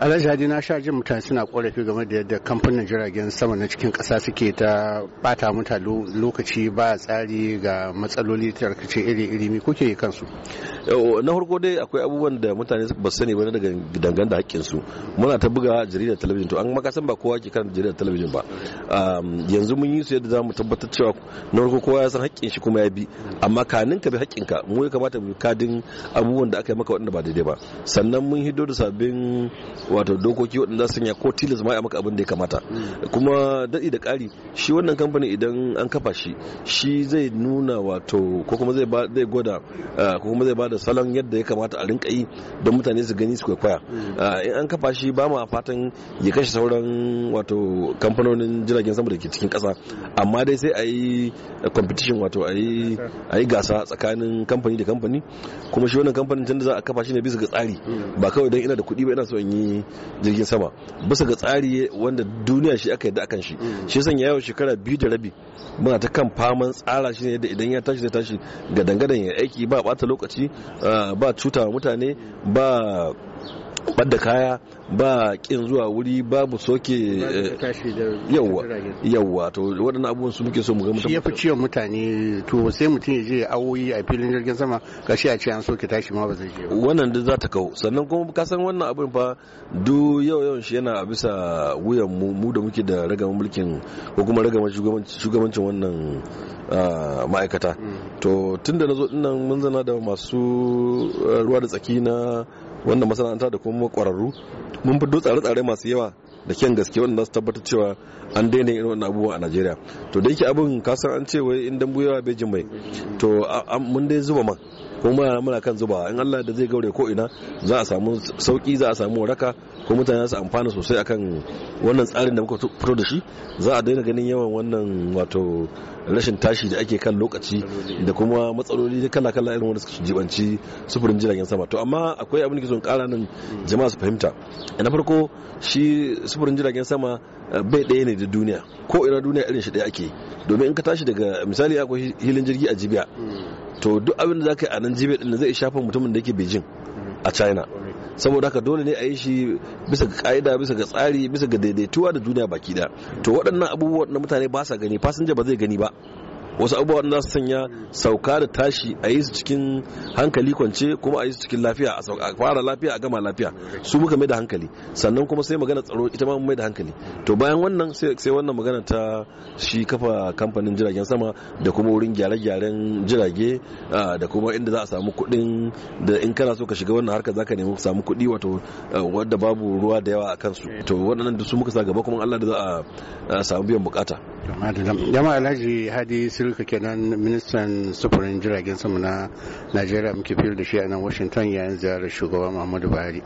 alhaji hadi na sha jin mutane suna korafi game da yadda kamfanin jiragen sama na cikin ƙasa suke ta bata mutane lokaci ba tsari ga matsaloli tarkace iri iri mi kuke kansu na farko dai akwai abubuwan da mutane ba sani ba daga dangane da hakkin su muna ta buga jarida talabijin to an makasan ba kowa ke karanta jarida talabijin ba yanzu mun yi su yadda za mu tabbatar cewa na farko kowa ya san hakkin shi kuma ya bi amma kanin ka bi hakin ka mu ya kamata mu kadin abubuwan da aka yi maka waɗanda ba daidai ba sannan mun hido da sabbin wato dokoki waɗanda su ya ko tilas ma ya maka abin da ya kamata mm. kuma daɗi da ƙari shi wannan kamfani idan an kafa shi shi zai nuna wato ko kuma zai zai gwada ah, ko kuma zai bada salon yadda ya kamata a rinka yi don mutane su gani su kwaikwaya mm. ah, in an kafa shi ba ma fatan ya kashe sauran wato kamfanonin jiragen sama da ke cikin ƙasa amma dai sai a yi competition wato a yi gasa tsakanin kamfani da kamfani kuma shi wannan kamfanin tun da za a kafa shi ne bisa ga tsari mm. ba kawai don ina da kuɗi ba ina so in yi jirgin sama bisa ga tsari wanda duniya shi aka yadda akan shi mm. shi sanya yawon shekara biyu da rabi muna ta kan faman tsara shi ne yadda idan ya tashi zai tashi ga gadangadan ya aiki ba bata lokaci ah, ba cuta mutane ba ɓadda kaya ba kin zuwa wuri babu soke yawwa eh, yawwa to waɗannan abubuwan su muke so mu ga mutane ya fi ciwon mutane to sai mutum ya je awoyi a filin jirgin sama shi a ce an soke tashi ma ba zai je wannan duk za ta kawo sannan kuma ka san wannan abin fa du yau yau shi yana a bisa wuyan mu mu da muke da ragaman mulkin ko kuma ragaman shugabancin wannan ah, ma'aikata mm. to tunda na zo dinnan mun zana da masu eh, ruwa da tsaki na wanda masana'anta da kuma kwararru mun fito tsare-tsare masu yawa da kyan gaske wanda su tabbatar cewa an daina irin wannan abubuwa a Najeriya to da yake abin kasan an ce wai in dambu yawa bai jin mai to mun dai zuba ma. kuma muna kan zuba in Allah da zai gaure ko ina za a samu sauki za a samu waraka ko mutane su amfana sosai akan wannan tsarin da muka fito da shi za a daina ganin yawan wannan wato rashin tashi da ake kan lokaci da kuma matsaloli da kala kala irin wanda suka jibanci sufurin jiragen sama to amma akwai abin da ke son kara nan jama'a su fahimta Ina farko shi sufurin jiragen sama eh, bai ɗaya ne da duniya ko ina duniya irin shi ɗaya ake domin in ka tashi daga misali akwai hilin jirgi a jibiya to duk abin da za ka yi a nan jibe din zai shafa mutumin da yake beijing a china saboda haka dole ne a yi shi bisa ga ka'ida bisa ga tsari bisa ga daidaituwa da duniya baki daya to waɗannan abubuwan na mutane ba sa gani fasinja ba zai gani ba wasu abubuwa da su sanya sauka da tashi a yi su cikin hankali kwance kuma a yi su cikin lafiya a fara lafiya a gama lafiya su muka mai da hankali sannan kuma sai magana tsaro ita ma mai da hankali to bayan wannan sai wannan magana ta shi kafa kamfanin jiragen sama da kuma wurin gyare-gyaren jirage da kuma inda za a samu kuɗin da in kana so ka shiga wannan harkar zaka nemi samu kuɗi wato wadda babu ruwa da yawa a kansu to waɗannan da su muka sa gaba kuma Allah da za a samu biyan bukata jama'a alhaji hadi Shirka kenan ministan sufurin jiragen sama na Najeriya muke fil da shi a nan Washington yayin ziyarar shugaba Muhammadu Buhari.